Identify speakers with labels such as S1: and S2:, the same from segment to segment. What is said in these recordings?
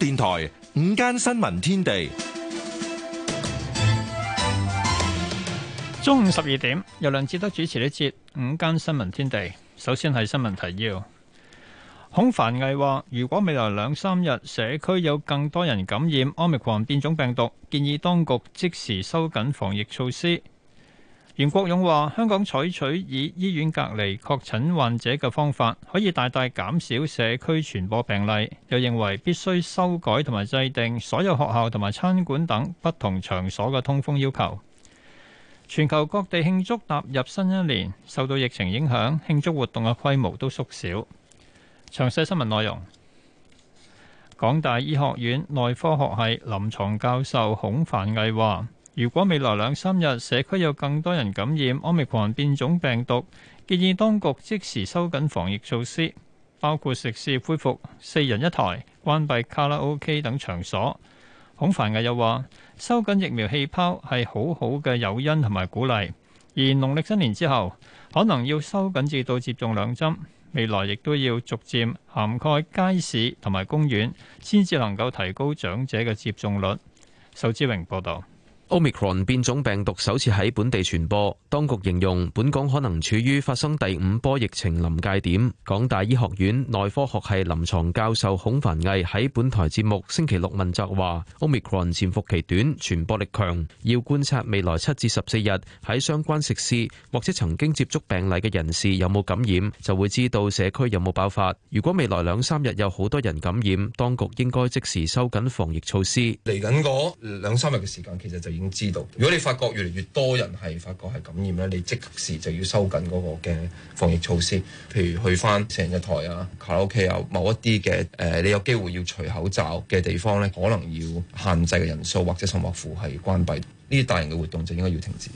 S1: 電台午間新聞天地，中午十二
S2: 點由梁志德主持呢節午間新聞天地。首先係新聞提要，孔繁毅話：如果未來兩三日社區有更多人感染奧密克戎變種病毒，建議當局即時收緊防疫措施。袁國勇話：香港採取以醫院隔離確診患者嘅方法，可以大大減少社區傳播病例。又認為必須修改同埋制定所有學校同埋餐館等不同場所嘅通風要求。全球各地慶祝踏入新一年，受到疫情影響，慶祝活動嘅規模都縮小。詳細新聞內容，港大醫學院內科學系臨床教授孔繁毅話。如果未來兩三日社區有更多人感染奧密克戎變種病毒，建議當局即時收緊防疫措施，包括食肆恢復四人一台、關閉卡拉 OK 等場所。孔繁毅又話：收緊疫苗氣泡係好好嘅誘因同埋鼓勵，而農曆新年之後可能要收緊至到接種兩針，未來亦都要逐漸涵蓋街市同埋公園，先至能夠提高長者嘅接種
S3: 率。仇志榮報導。Omicron 變種病毒首次喺本地傳播，當局形容本港可能處於發生第五波疫情臨界點。港大醫學院內科學系臨牀教授孔凡毅喺本台節目星期六問責話：Omicron 潛伏期短，傳播力強，要觀察未來七至十四日喺相關食肆或者曾經接觸病例嘅人士有冇感染，就會知道社區有冇爆發。如果未來兩三日有好多人感染，當局應該即時收緊防疫措施。嚟緊
S4: 嗰兩三日嘅時間，其實就，知道，如果你發覺越嚟越多人係發覺係感染咧，你即時就要收緊嗰個嘅防疫措施，譬如去返成日台啊、卡拉 OK 啊、某一啲嘅、呃、你有機會要除口罩嘅地方咧，可能要限制嘅人數，或者甚至乎係關閉呢啲大型嘅活動，就應該要停止。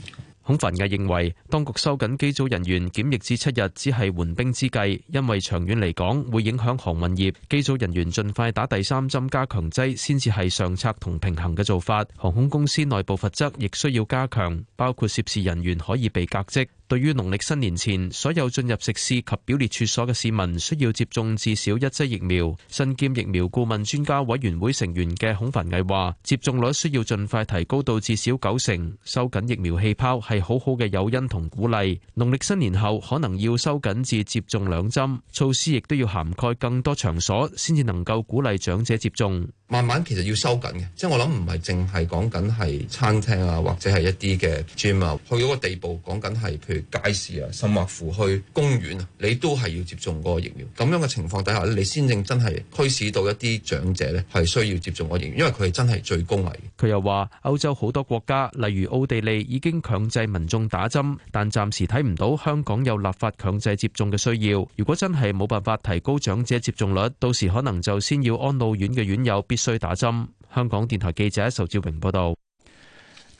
S3: 孔凡毅認為，當局收緊機組人員檢疫至七日，只係緩兵之計，因為長遠嚟講會影響航運業。機組人員盡快打第三針加強劑，先至係上策同平衡嘅做法。航空公司內部罰則亦需要加強，包括涉事人員可以被革職。對於農曆新年前所有進入食肆及表列處所嘅市民，需要接種至少一劑疫苗。身兼疫苗顧問專家委員會成員嘅孔繁毅話，接種率需要盡快提高到至，至少九成。收緊疫苗氣泡係好好嘅誘因同鼓勵。農曆新年後可能要收緊至接種兩針，措施亦都要涵蓋更多場所，先至能夠鼓勵長者接種。
S4: 慢慢其實要收緊嘅，即係我諗唔係淨係講緊係餐廳啊，或者係一啲嘅專賣，去到個地步講緊係。街市啊，甚或乎去公園啊，你都係要接種個疫苗。咁樣嘅情況底下咧，你先至真係驅使到一啲長者咧，係需要接種個疫苗，因為佢係真係最高危。
S3: 佢又話，歐洲好多國家，例如奧地利已經強制民眾打針，但暫時睇唔到香港有立法強制接種嘅需要。如果真係冇辦法提高長者接種率，到時可能就先要安老院嘅院友必須打針。香港電台記者仇志榮報道。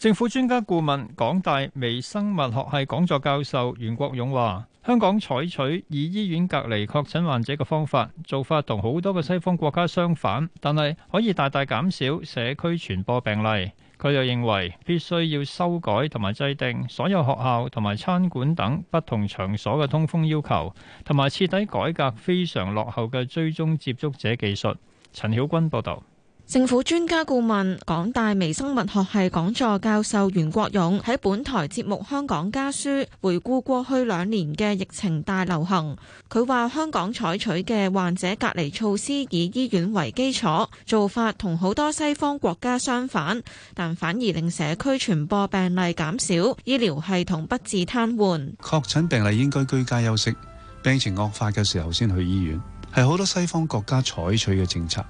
S2: 政府專家顧問、港大微生物學系講座教授袁國勇話：香港採取以醫院隔離確診患者嘅方法，做法同好多嘅西方國家相反，但係可以大大減少社區傳播病例。佢又認為必須要修改同埋制定所有學校同埋餐館等不同場所嘅通風要求，同埋徹底改革非常落後嘅追蹤接觸者技術。陳曉君報導。
S5: 政府專家顧問、港大微生物學系講座教授袁國勇喺本台節目《香港家書》回顧過去兩年嘅疫情大流行。佢話：香港採取嘅患者隔離措施以醫院為基礎，做法同好多西方國家相反，但反而令社區傳播病例減少，醫療系統不致
S6: 癱瘓。確診病例應該居家休息，病情惡化嘅時候先去醫院，係好多西方國家採取嘅政策。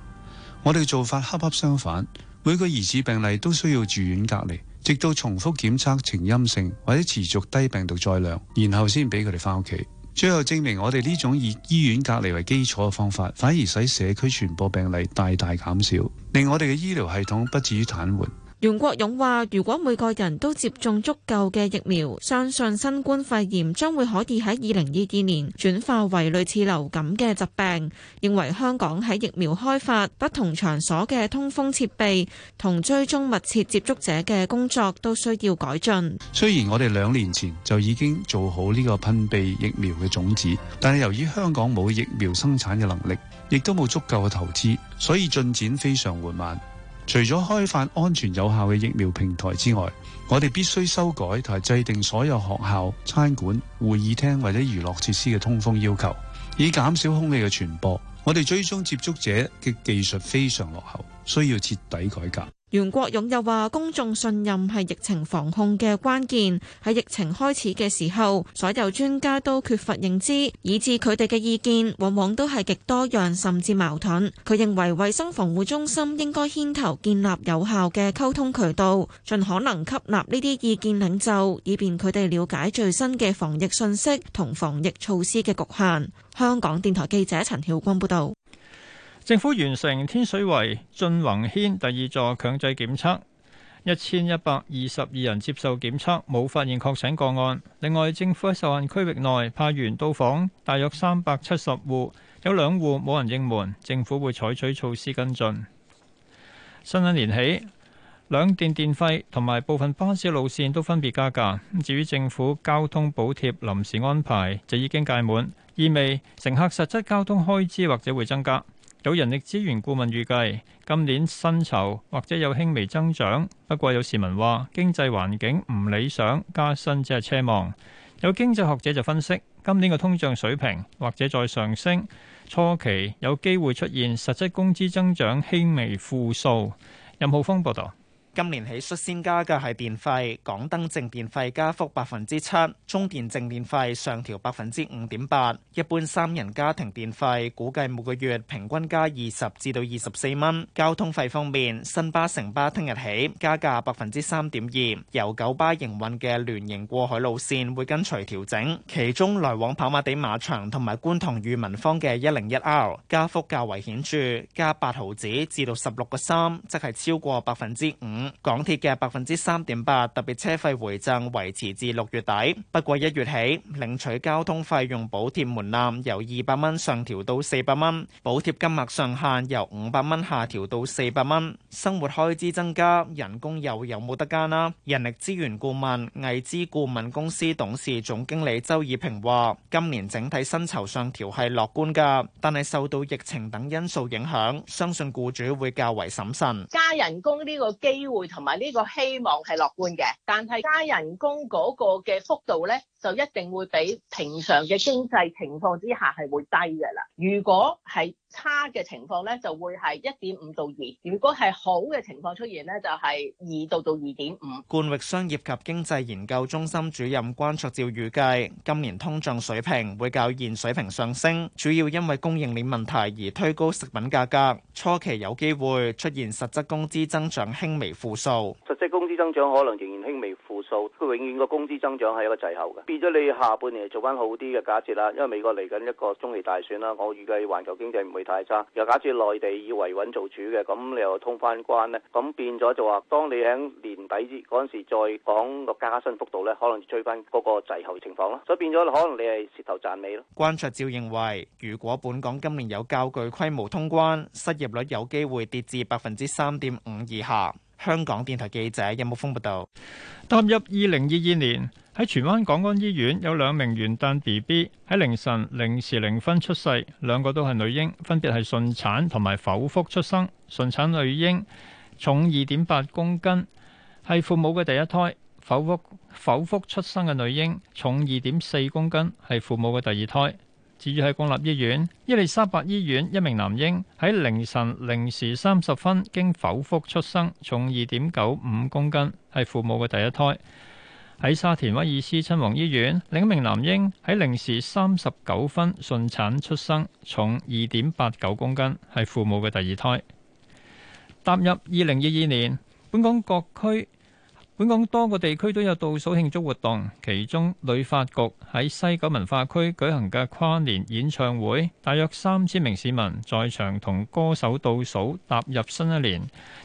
S6: 我哋嘅做法恰恰相反，每個疑似病例都需要住院隔離，直到重複檢測呈陰性或者持續低病毒載量，然後先俾佢哋翻屋企。最後證明，我哋呢種以醫院隔離為基礎嘅方法，反而使社區傳播病例大大減少，令我哋嘅醫療系統不至於癱瘓。
S5: 袁國勇話：如果每個人都接種足夠嘅疫苗，相信新冠肺炎將會可以喺二零二二年轉化為類似流感嘅疾病。認為香港喺疫苗開發、不同場所嘅通風設備同追蹤密切接觸者嘅工作都需要改進。
S6: 雖然我哋兩年前就已經做好呢個噴鼻疫苗嘅種子，但係由於香港冇疫苗生產嘅能力，亦都冇足夠嘅投資，所以進展非常緩慢。除咗開發安全有效嘅疫苗平台之外，我哋必須修改同制定所有學校、餐館、會議廳或者娛樂設施嘅通風要求，以減少空氣嘅傳播。我哋追蹤接觸者嘅技術非常落後，需要徹底改革。
S5: 袁國勇又話，公眾信任係疫情防控嘅關鍵。喺疫情開始嘅時候，所有專家都缺乏認知，以致佢哋嘅意見往往都係極多樣甚至矛盾。佢認為，衛生防護中心應該牽頭建立有效嘅溝通渠道，盡可能吸納呢啲意見領袖，以便佢哋了解最新嘅防疫信息同防疫措施嘅局限。香港電台記者陳曉光報道。
S2: 政府完成天水圍俊宏軒第二座強制檢測，一千一百二十二人接受檢測，冇發現確診個案。另外，政府喺受案區域內派員到訪大約三百七十戶，有兩戶冇人應門，政府會採取措施跟進。新一年起，兩電電費同埋部分巴士路線都分別加價。至於政府交通補貼臨時安排就已經屆滿，意味乘客實質交通開支或者會增加。有人力資源顧問預計今年薪酬或者有輕微增長，不過有市民話經濟環境唔理想，加薪只係奢望。有經濟學者就分析，今年嘅通脹水平或者再上升，初期有機會出現實質工資增長輕微負數。任浩峰報
S7: 道。今年起率先加嘅係電費，港燈淨電費加幅百分之七，中電淨電費上調百分之五點八，一般三人家庭電費估計每個月平均加二十至到二十四蚊。交通費方面，新巴、城巴聽日起加價百分之三點二，由九巴營運嘅聯營過海路綫會跟隨調整，其中來往跑馬地馬場同埋觀塘裕民坊嘅一零一 R 加幅較為顯著，加八毫子至到十六個三，即係超過百分之五。港鐵嘅百分之三點八特別車費回贈維持至六月底，不過一月起領取交通費用補貼門檻由二百蚊上調到四百蚊，補貼金額上限由五百蚊下調到四百蚊。生活開支增加，人工又有冇得加呢？人力資源顧問、外資顧問公司董事總經理周以平話：今年整體薪酬上調係樂觀噶，但係受到疫情等因素影響，相信僱主會較為審慎。
S8: 加人工呢個機會？同埋呢個希望係樂觀嘅，但係加人工嗰個嘅幅度咧，就一定會比平常嘅經濟情況之下係會低嘅啦。如果係。差嘅情況咧，就會係一點五到二；如果係好嘅情況出現咧，就係二到到二點五。
S7: 冠域商業及經濟研究中心主任關卓照預計，今年通脹水平會較現水平上升，主要因為供應鏈問題而推高食品價格。初期有機會出現實質工資增長輕微負數，
S4: 實質工資增長可能仍然輕微。數佢永遠個工資增長係一個滯後嘅，變咗你下半年做翻好啲嘅假設啦，因為美國嚟緊一個中期大選啦，我預計環球經濟唔會太差，又假設內地以維穩做主嘅，咁你又通翻關呢？咁變咗就話，當你喺年底嗰陣時再講個加薪幅度呢，可能追翻嗰個滯後情況咯，所以變咗可能你係蝕頭賺尾咯。
S7: 關卓照認為，如果本港今年有較具規模通關，失業率有機會跌至百分之三點五以下。香港電台記者任木峰報道，踏入二零二二年，喺荃灣港
S2: 安醫院有兩名元旦 B B 喺凌晨零時零分出世，兩個都係女嬰，分別係順產同埋剖腹出生。順產女嬰重二點八公斤，係父母嘅第一胎；剖腹剖腹出生嘅女嬰重二點四公斤，係父母嘅第二胎。至於喺公立醫院，伊利沙伯醫院一名男嬰喺凌晨零時三十分經剖腹出生，重二點九五公斤，係父母嘅第一胎；喺沙田威爾斯親王醫院另一名男嬰喺零時三十九分順產出生，重二點八九公斤，係父母嘅第二胎。踏入二零二二年，本港各區。本港多個地區都有倒數慶祝活動，其中旅發局喺西九文化區舉行嘅跨年演唱會，大約三千名市民在場同歌手倒數踏入新一年。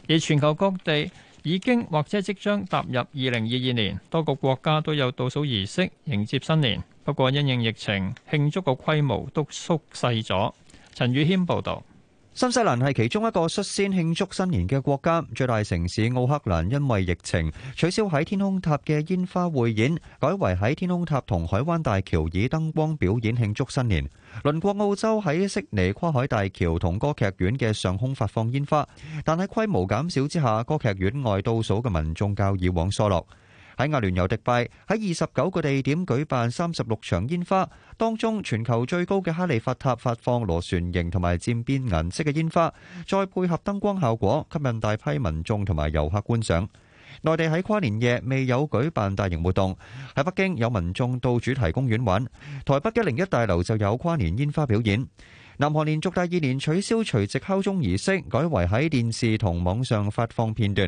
S2: 而全球各地已經或者即將踏入二零二二年，多個國家都有倒數儀式迎接新年。不過因應疫情，慶祝嘅規模都縮細咗。陳
S4: 宇謙報導。新西蘭係其中一個率先慶祝新年嘅國家，最大城市奧克蘭因為疫情取消喺天空塔嘅煙花匯演，改為喺天空塔同海灣大橋以燈光表演慶祝新年。鄰國澳洲喺悉尼跨海大橋同歌劇院嘅上空發放煙花，但喺規模減少之下，歌劇院外倒數嘅民眾較以往疏落。喺阿聯酋迪拜，喺二十九個地點舉辦三十六場煙花，當中全球最高嘅哈利法塔發放螺旋形同埋漸變顏色嘅煙花，再配合燈光效果，吸引大批民眾同埋遊客觀賞。內地喺跨年夜未有舉辦大型活動，喺北京有民眾到主題公園玩，台北一零一大樓就有跨年煙花表演。南韓連續第二年取消除夕敲鐘儀式，改為喺電視同網上發放片段。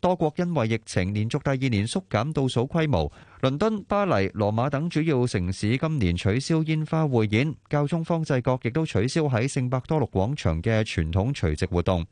S4: 多國因為疫情，連續第二年縮減倒數規模。倫敦、巴黎、羅馬等主要城市今年取消煙花匯演，教宗方濟各亦都取消喺聖伯多祿廣場嘅傳統除夕活動。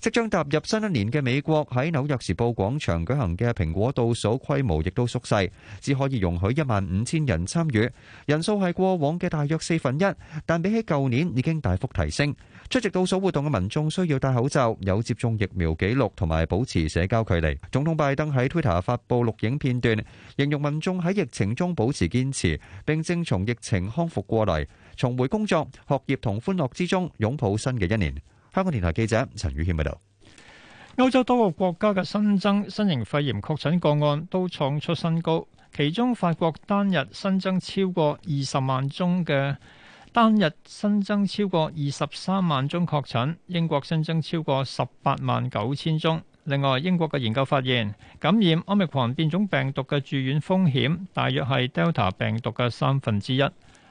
S4: 即將踏入新一年嘅美國喺紐約時報廣場舉行嘅蘋果倒數規模亦都縮細，只可以容許一萬五千人參與，人數係過往嘅大約四分一，但比起舊年已經大幅提升。出席倒數活動嘅民眾需要戴口罩，有接種疫苗記錄同埋保持社交距離。總統拜登喺 Twitter 發布錄影片段，形容民眾喺疫情中保持堅持，並正從疫情康復過嚟，重回工作、學業同歡樂之中，擁抱新嘅一年。香港電台記者陳宇謙報道：
S2: 歐洲多個國家嘅新增新型肺炎確診個案都創出新高，其中法國單日新增超過二十萬宗嘅，單日新增超過二十三萬宗確診；英國新增超過十八萬九千宗。另外，英國嘅研究發現，感染 Omicron 變種病毒嘅住院風險大約係 Delta 病毒嘅三分之一。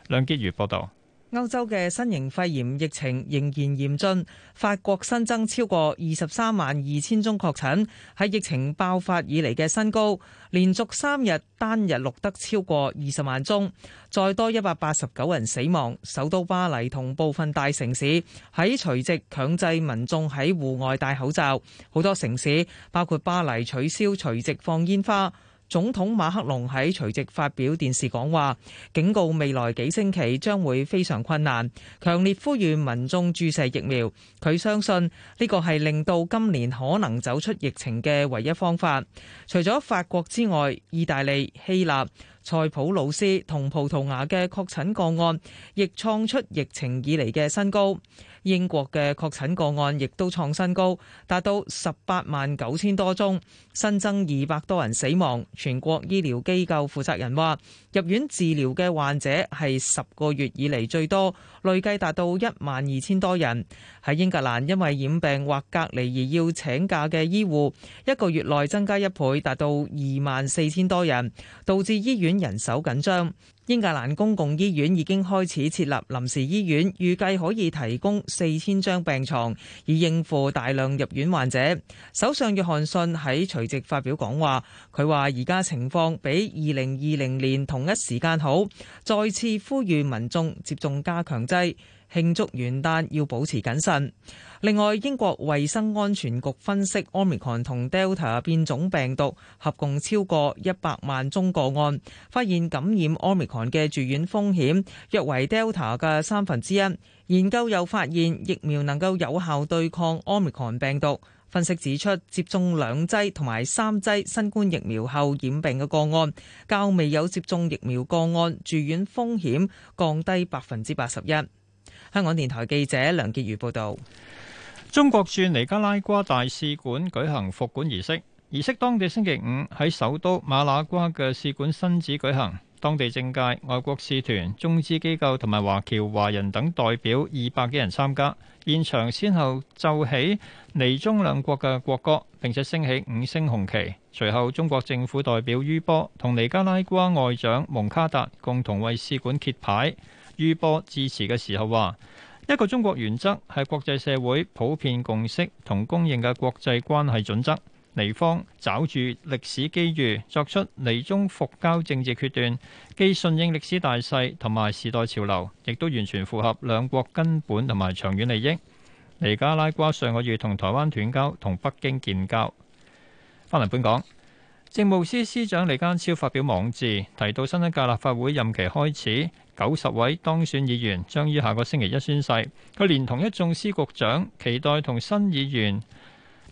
S2: 梁潔如報道。
S9: 歐洲嘅新型肺炎疫情仍然嚴峻，法國新增超過二十三萬二千宗確診，喺疫情爆發以嚟嘅新高，連續三日單日錄得超過二十萬宗，再多一百八十九人死亡。首都巴黎同部分大城市喺除夕強制民眾喺戶外戴口罩，好多城市包括巴黎取消除夕放煙花。總統馬克龍喺隨即發表電視講話，警告未來幾星期將會非常困難，強烈呼籲民眾注射疫苗。佢相信呢個係令到今年可能走出疫情嘅唯一方法。除咗法國之外，意大利、希臘、塞浦路斯同葡萄牙嘅確診個案，亦創出疫情以嚟嘅新高。英國嘅確診個案亦都創新高，達到十八萬九千多宗，新增二百多人死亡。全國醫療機構負責人話，入院治療嘅患者係十個月以嚟最多，累計達到一萬二千多人。喺英格蘭，因為染病或隔離而要請假嘅醫護，一個月內增加一倍，達到二萬四千多人，導致醫院人手緊張。英格蘭公共醫院已經開始設立臨時醫院，預計可以提供四千張病床，以應付大量入院患者。首相約翰遜喺隨即發表講話，佢話而家情況比二零二零年同一時間好，再次呼籲民眾接種加強劑。慶祝元旦要保持謹慎。另外，英國衛生安全局分析，Omicron 同 Delta 變種病毒合共超過一百萬宗個案，發現感染 Omicron 嘅住院風險約為 Delta 嘅三分之一。研究又發現疫苗能夠有效對抗 Omicron 病毒。分析指出，接種兩劑同埋三劑新冠疫苗後染病嘅個案，較未有接種疫苗個案住院風險降低百分之八十一。香
S2: 港電台記者梁潔如報道：中國駐尼加拉瓜大使館舉行復館儀式，儀式當地星期五喺首都馬那瓜嘅使館新址舉行。當地政界、外國使團、中資機構同埋華僑華人等代表二百幾人參加。現場先後奏起尼中兩國嘅國歌，並且升起五星紅旗。隨後，中國政府代表于波同尼加拉瓜外長蒙卡達共同為使館揭牌。于波致辭嘅時候話，一個中國原則係國際社會普遍共識同公認嘅國際關係準則，尼方抓住歷史機遇，作出尼中復交政治決斷，既順應歷史大勢同埋時代潮流，亦都完全符合兩國根本同埋長遠利益。尼加拉瓜上個月同台灣斷交，同北京建交。翻嚟本港，政務司司長李家超發表網誌，提到新一屆立法會任期開始。九十位當選議員將於下個星期一宣誓。佢連同一眾司局長，期待同新議員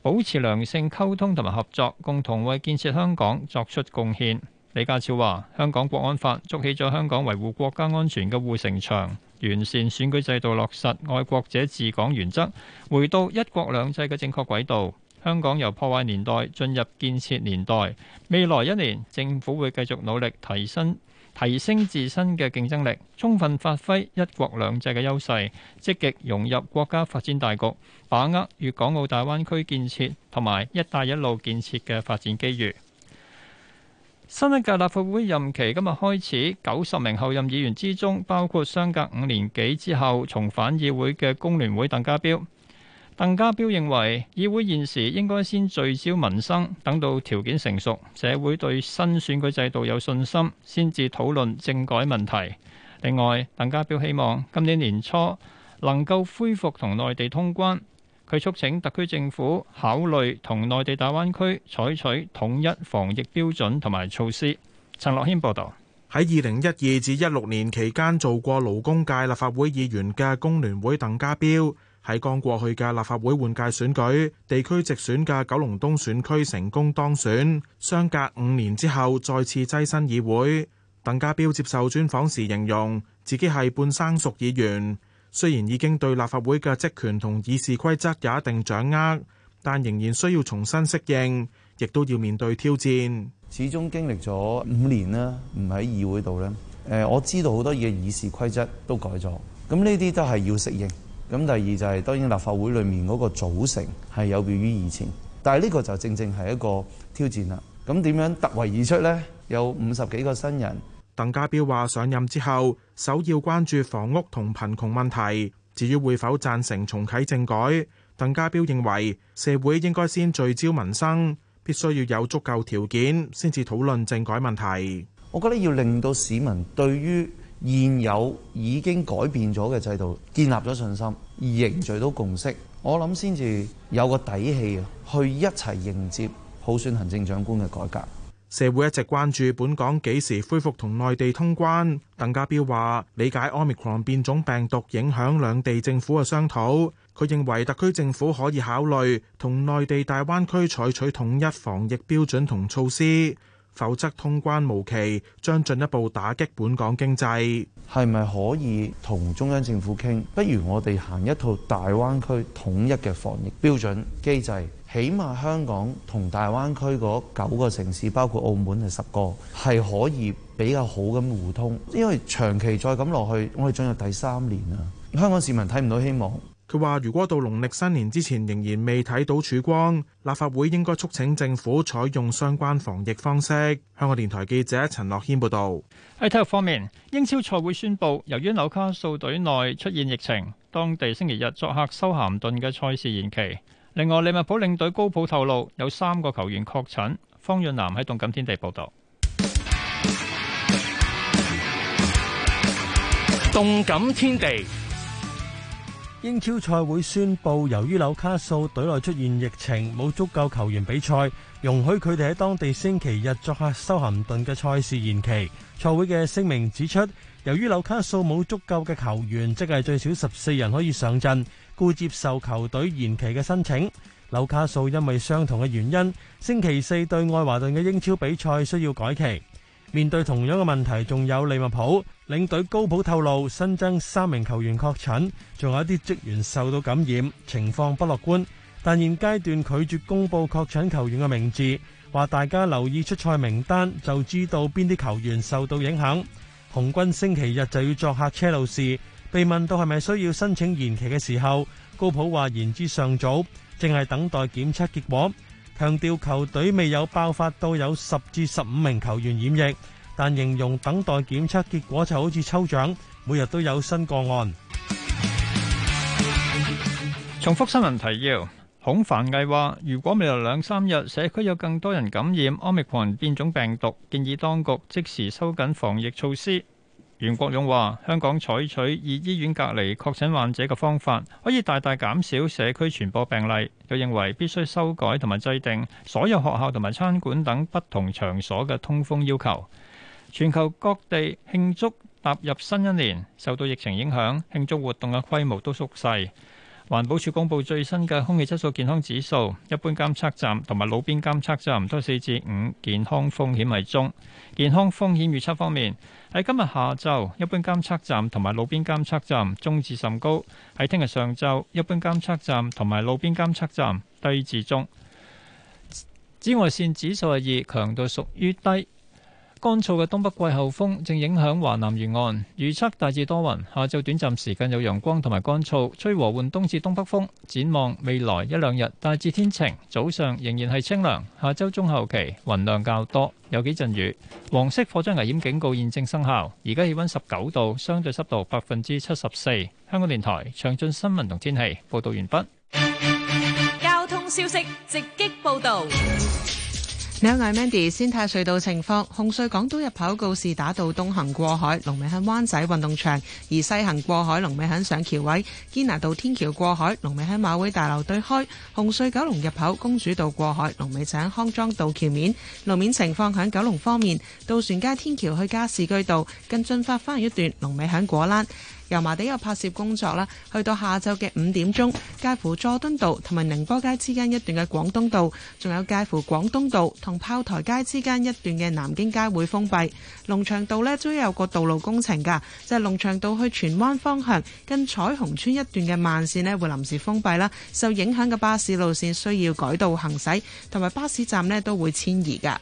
S2: 保持良性溝通同埋合作，共同為建設香港作出貢獻。李家超話：香港國安法築起咗香港維護國家安全嘅護城牆，完善選舉制度，落實愛國者治港原則，回到一國兩制嘅正確軌道。香港由破壞年代進入建設年代，未來一年政府會繼續努力提升。提升自身嘅競爭力，充分發揮一國兩制嘅優勢，積極融入國家發展大局，把握粵港澳大灣區建設同埋一帶一路建設嘅發展機遇。新一屆立法會任期今日開始，九十名候任議員之中，包括相隔五年幾之後重返議會嘅工聯會鄧家彪。鄧家彪認為，議會現時應該先聚焦民生，等到條件成熟，社會對新選舉制度有信心，先至討論政改問題。另外，鄧家彪希望今年年初能夠恢復同內地通關，佢促請特區政府考慮同內地大灣區採取統一防疫標準同埋措施。陳樂謙報道：
S10: 喺二零一二至一六年期間做過勞工界立法會議員嘅工聯會鄧家彪。喺剛過去嘅立法會換屆選舉，地區直選嘅九龍東選區成功當選，相隔五年之後再次躋身議會。鄧家彪接受專訪時形容自己係半生熟議員，雖然已經對立法會嘅職權同議事規則有一定掌握，但仍然需要重新適應，亦都要面對挑戰。始終經歷咗五年啦，唔喺議會度咧。誒，我知道好多嘢議事規則都改咗，咁呢啲都係要適應。咁第二就係、是、當然立法會裏面嗰個組成係有別於以前，但係呢個就正正係一個挑戰啦。咁點樣突圍而出咧？有五十幾個新人。鄧家彪話：上任之後首要關注房屋同貧窮問題。至於會否贊成重啟政改，鄧家彪認為社會應該先聚焦民生，必須要有足夠條件先至討論政改問題。我覺得要令到市民對於現有已經改變咗嘅制度建立咗信心。凝聚到共識，我諗先至有個底氣去一齊迎接普選行政長官嘅改革。社會一直關注本港幾時恢復同內地通關。鄧家彪話理解 Omicron 變種病毒影響，兩地政府嘅商討，佢認為特區政府可以考慮同內地大灣區採取統一防疫標準同措施。否則通關無期，將進一步打擊本港經濟。係咪可以同中央政府傾？不如我哋行一套大灣區統一嘅防疫標準機制，起碼香港同大灣區嗰九個城市，包括澳門嘅十個，係可以比較好咁互通。因為長期再咁落去，我哋進入第三年啦，香港市民睇唔到希望。佢話：如果到農曆新年之前仍然未睇到曙光，立法會應該促請政府採用相關防疫方式。香港電台記者陳樂軒報導。
S2: 喺體育方面，英超賽會宣布，由於紐卡素隊內出現疫情，當地星期日作客修咸頓嘅賽事延期。另外，利物浦領隊高普透露，有三個球員確診。方潤南喺動感天地報導。
S10: 動感天地。
S1: 英超賽會宣布，由於紐卡素隊內出現疫情，冇足夠球員比賽，容許佢哋喺當地星期日作客修咸頓嘅賽事延期。賽會嘅聲明指出，由於紐卡素冇足夠嘅球員，即係最少十四人可以上陣，故接受球隊延期嘅申請。紐卡素因為相同嘅原因，星期四對愛華頓嘅英超比賽需要改期。面對同樣嘅問題，仲有利物浦領隊高普透露新增三名球員確診，仲有一啲職員受到感染，情況不樂觀。但現階段拒絕公布確診球員嘅名字，話大家留意出賽名單就知道邊啲球員受到影響。紅軍星期日就要作客車路士，被問到係咪需要申請延期嘅時候，高普話言之尚早，淨係等待檢測結果。強調球隊未有爆發到有十至十五名球員染疫，但形容等待檢測結果就好似抽獎，每日都有新個案。重複新聞提要，孔繁毅話：如果未來兩
S2: 三日社區有更多人感染 Omicron 變種病毒，建議當局即時收緊防疫措施。袁國勇話：香港採取以醫院隔離確診患者嘅方法，可以大大減少社區傳播病例。又認為必須修改同埋制定所有學校同埋餐館等不同場所嘅通風要求。全球各地慶祝踏入新一年，受到疫情影響，慶祝活動嘅規模都縮細。環保署公布最新嘅空氣質素健康指數，一般監測站同埋路邊監測站都四至五，健康風險係中。健康風險預測方面。喺今日下晝，一般監測站同埋路邊監測站中至甚高；喺聽日上晝，一般監測站同埋路邊監測站低至中。紫外線指數係二，強度屬於低。乾燥嘅東北季候風正影響華南沿岸，預測大致多雲，下晝短暫時間有陽光同埋乾燥，吹和緩東至東北風。展望未來一兩日大致天晴，早上仍然係清涼，下周中後期雲量較多，有幾陣雨。黃色火災危險警告現正生效，而家氣溫十九度，相對濕度百分之七十四。香港電台詳盡新聞同天氣報道完畢。
S6: 交通消息直擊報道。
S8: 你好，我係 Mandy。先睇隧道情況。紅隧港島入口告士打道東行過海，龍尾喺灣仔運動場；而西行過海，龍尾喺上橋位堅拿道天橋過海，龍尾喺馬會大樓對開。紅隧九龍入口公主道過海，龍尾就喺康莊道橋面。路面情況喺九龍方面，渡船街天橋去加士居道近駿發花園一段，龍尾喺果欄。油麻地有拍攝工作啦，去到下晝嘅五點鐘，介乎佐敦道同埋寧波街之間一段嘅廣東道，仲有介乎廣東道同炮台街之間一段嘅南京街會封閉。龍翔道呢，都有個道路工程㗎，就係、是、龍翔道去荃灣方向近彩虹村一段嘅慢線呢，會臨時封閉啦。受影響嘅巴士路線需要改道行駛，同埋巴士站呢都會遷移㗎。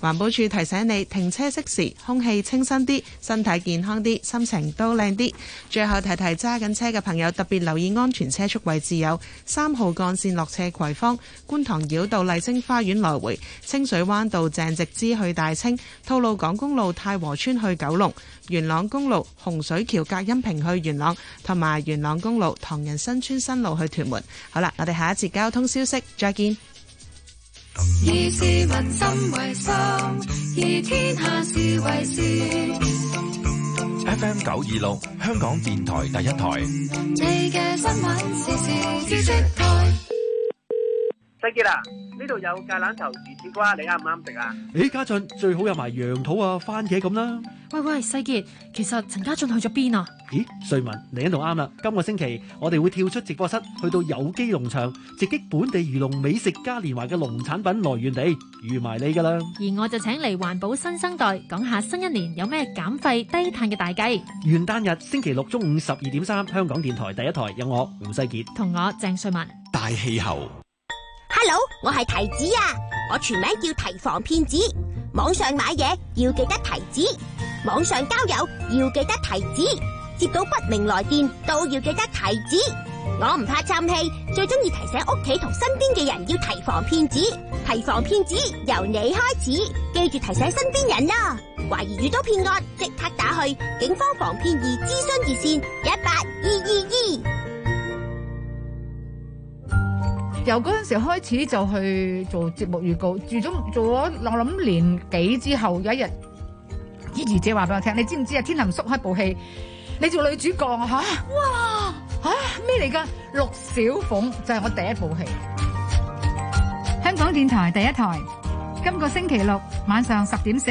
S8: 環保署提醒你，停車熄匙，空氣清新啲，身體健康啲，心情都靚啲。最後提提揸緊車嘅朋友，特別留意安全車速位置有：三號幹線落斜葵芳、觀塘繞道麗晶花園來回、清水灣道鄭植之去大清、吐露港公路太和村去九龍、元朗公路洪水橋隔音屏去元朗，同埋元朗公路唐人新村新路去屯門。好啦，我哋下一節交通消息再見。
S10: 以市民心為心，以天下事為
S1: 事。FM 九二六， 香港電台第一台。
S6: 你嘅新聞時時知識台。
S3: 世傑啦，呢度有芥蘭頭、絲瓜，你啱
S1: 唔啱食啊？誒，家俊最好有埋楊桃啊、番茄咁啦。喂喂，世傑，其實陳家俊去咗邊啊？咦，瑞文，你喺度啱啦。今個星期我哋會跳出直播室，去到有機農場，直擊本地漁農美食嘉年華嘅農產品來源地，預埋你㗎啦。而
S8: 我就請嚟環保新生代講下新一年有咩減廢低碳嘅大計。
S1: 元旦日星期六中午十二點三，香港電台第一台有我吳世傑，同我鄭瑞文，大氣候。
S10: 大佬，我係提子啊！我全名叫提防騙子。網上買嘢要記得提子，網上交友要記得提子，接到不明來電都要記得提子。我唔怕嘆氣，最中意提醒屋企同身邊嘅人要提防騙子。提防騙子由你開始，記住提醒身邊人啦。懷疑遇到騙案，即刻打去警方防騙易諮詢熱線一八二二二。
S5: 由嗰陣時開始就去做節目預告，住咗做咗我諗年幾之後，有一日姨姐話俾我聽，你知唔知啊？天林叔開部戲，你做女主角啊吓？哇吓咩嚟噶？陸小鳳就係我第一部戲。香港電台第一台，今個星期六晚上十點四，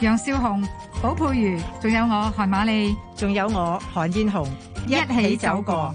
S5: 楊少紅、寶佩瑜，仲有我韓瑪莉，仲有我韓燕紅，
S6: 一起走過。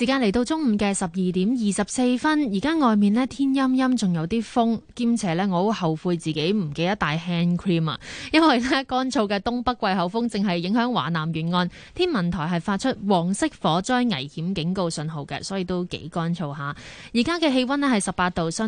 S8: 時間嚟到中午嘅十二點二十四分，而家外面咧天陰陰，仲有啲風，兼且咧我好後悔自己唔記得帶 hand cream 啊！因為咧乾燥嘅東北季候風正係影響華南沿岸，天文台係發出黃色火災危險警告信號嘅，所以都幾乾燥吓。而家嘅氣溫咧係十八度。